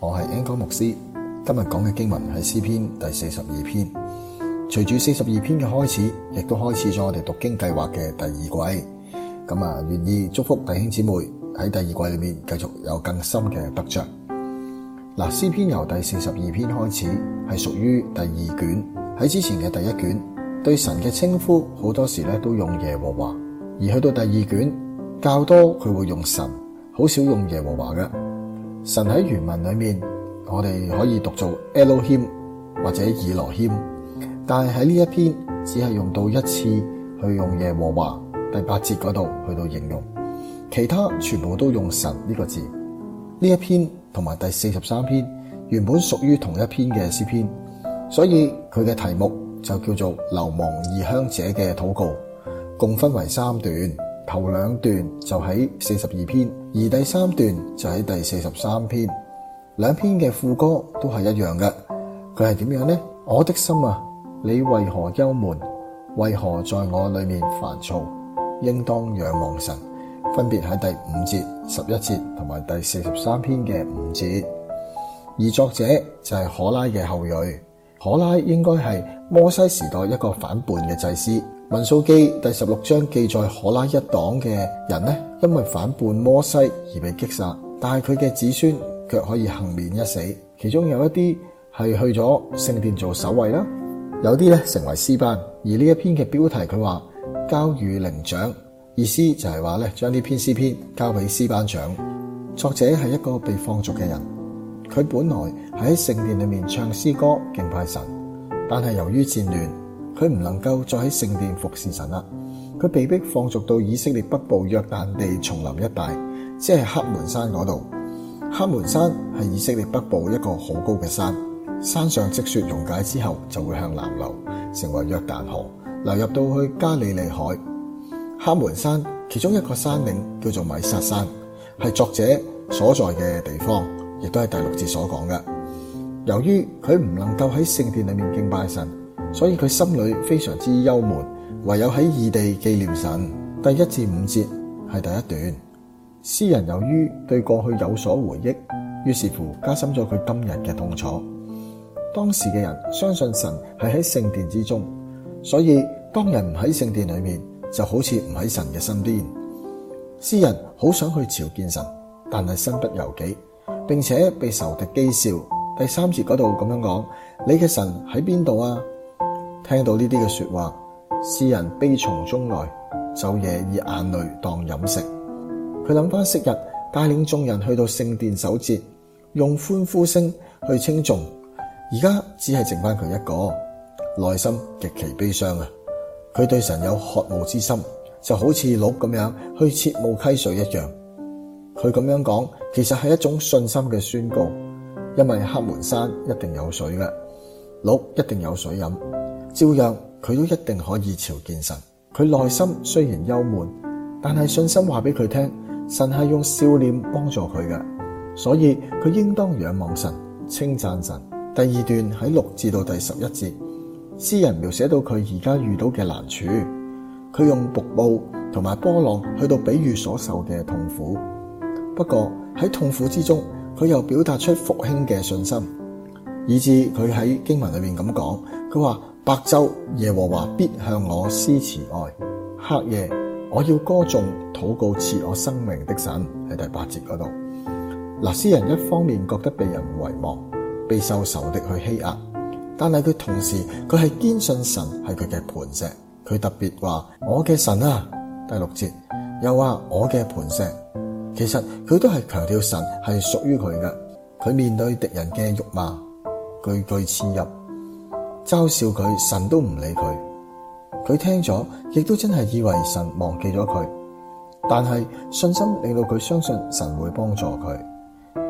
我係濠光牧師，今日講嘅經文係詩篇第四十二篇。隨住四十二篇嘅開始，亦都開始咗我哋讀經計劃嘅第二季。咁啊，願意祝福弟兄姊妹喺第二季裏面繼續有更深嘅得着。嗱，詩篇由第四十二篇開始，係屬於第二卷。喺之前嘅第一卷，對神嘅稱呼好多時咧都用耶和華，而去到第二卷，較多佢會用神，好少用耶和華嘅。神喺原文裏面，我哋可以讀做 Elohim 或者以羅謙，但係喺呢一篇只係用到一次，去用耶和華第八節嗰度去到形容，其他全部都用神呢個字。呢一篇同埋第四十三篇原本屬於同一篇嘅詩篇，所以佢嘅題目就叫做流亡異鄉者嘅禱告，共分為三段。頭兩段就喺四十二篇，而第三段就喺第四十三篇。兩篇嘅副歌都係一樣嘅，佢係點樣呢？我的心啊，你為何憂悶？為何在我裏面煩躁？應當仰望神。分別喺第五節、十一節同埋第四十三篇嘅五節。而作者就係可拉嘅後裔，可拉應該係摩西時代一個反叛嘅祭司。民數記第十六章記載可拉一黨嘅人呢，因為反叛摩西而被擊殺，但係佢嘅子孫卻可以幸免一死。其中有一啲係去咗聖殿做守衛啦，有啲咧成為詩班。而呢一篇嘅標題佢話交與伶長，意思就係話咧將呢篇詩篇交俾詩班長。作者係一個被放逐嘅人，佢本來喺聖殿裏面唱詩歌敬拜神，但係由於戰亂。佢唔能夠再喺聖殿服侍神啦，佢被迫放逐到以色列北部約旦地叢林一帶，即係黑門山嗰度。黑門山係以色列北部一個好高嘅山，山上積雪溶解之後就會向南流，成為約旦河，流入到去加利利海。黑門山其中一個山嶺叫做米薩山，係作者所在嘅地方，亦都係第六節所講嘅。由於佢唔能夠喺聖殿裏面敬拜神。所以佢心裏非常之憂悶，唯有喺異地紀念神。第一至五節係第一段。詩人由於對過去有所回憶，於是乎加深咗佢今日嘅痛楚。當時嘅人相信神係喺聖殿之中，所以當人唔喺聖殿裏面，就好似唔喺神嘅身邊。詩人好想去朝見神，但係身不由己，並且被仇敵譏笑。第三節嗰度咁樣講：你嘅神喺邊度啊？聽到呢啲嘅說話，詩人悲從中來，晝夜以眼淚當飲食。佢諗翻昔日帶領眾人去到聖殿守節，用歡呼聲去稱頌。而家只係剩翻佢一個，內心極其悲傷啊！佢對神有渴慕之心，就好似鹿咁樣去切慕溪水一樣。佢咁樣講，其實係一種信心嘅宣告，因為黑門山一定有水嘅，鹿一定有水飲。照樣佢都一定可以朝見神。佢內心雖然憂悶，但係信心話俾佢聽，神係用笑臉幫助佢嘅，所以佢應當仰望神，稱讚神。第二段喺六至到第十一節，詩人描寫到佢而家遇到嘅難處，佢用瀑布同埋波浪去到比喻所受嘅痛苦。不過喺痛苦之中，佢又表達出復興嘅信心，以至佢喺經文裏面咁講，佢話。白晝，耶和華必向我施慈愛；黑夜，我要歌頌、禱告賜我生命的神。喺第八節嗰度，嗱，詩人一方面覺得被人遺忘、被受仇敵去欺壓，但係佢同時佢係堅信神係佢嘅磐石。佢特別話我嘅神啊，第六節又話我嘅磐石。其實佢都係強調神係屬於佢嘅。佢面對敵人嘅辱罵，句句刺入。嘲笑佢，神都唔理佢，佢聽咗亦都真係以為神忘記咗佢，但係信心令到佢相信神會幫助佢，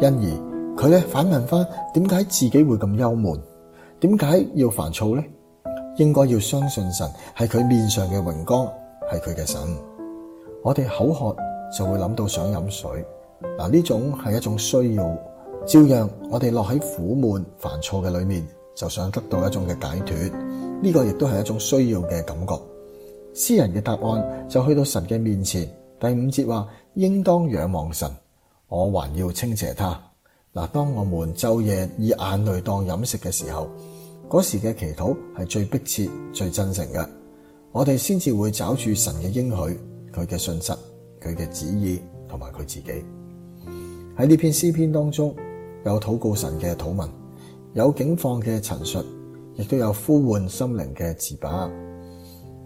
因而佢咧反問翻，點解自己會咁憂悶？點解要煩躁咧？應該要相信神係佢面上嘅榮光，係佢嘅神。我哋口渴就會諗到想飲水，嗱呢種係一種需要。照樣我哋落喺苦悶、煩躁嘅裏面。就想得到一種嘅解脱，呢、這個亦都係一種需要嘅感覺。詩人嘅答案就去到神嘅面前。第五節話：應當仰望神，我還要稱謝他。嗱，當我們晝夜以眼淚當飲食嘅時候，嗰時嘅祈禱係最迫切、最真誠嘅。我哋先至會抓住神嘅應許、佢嘅信實、佢嘅旨意同埋佢自己。喺呢篇詩篇當中，有禱告神嘅禱文。有景況嘅陳述，亦都有呼喚心靈嘅自白。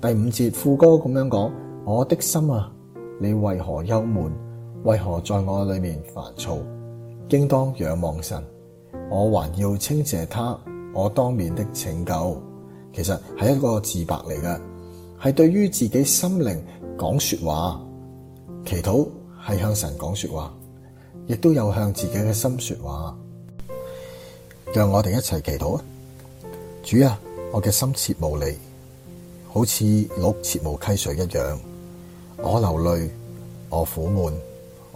第五節副歌咁樣講：我的心啊，你為何憂悶？為何在我裡面煩躁？應當仰望神，我還要稱謝他，我當面的拯救。其實係一個自白嚟嘅，係對於自己心靈講說話。祈禱係向神講說話，亦都有向自己嘅心說話。讓我哋一齊祈禱啊！主啊，我嘅心切慕你，好似鹿切慕溪水一樣。我流淚，我苦悶，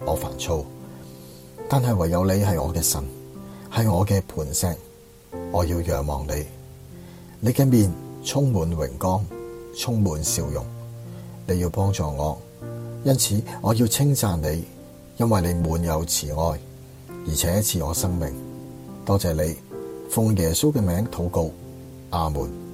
我煩躁，但係唯有你係我嘅神，係我嘅磐石。我要仰望你，你嘅面充滿榮光，充滿笑容。你要幫助我，因此我要稱讚你，因為你滿有慈愛，而且賜我生命。多謝你。奉耶穌嘅名禱告，阿門。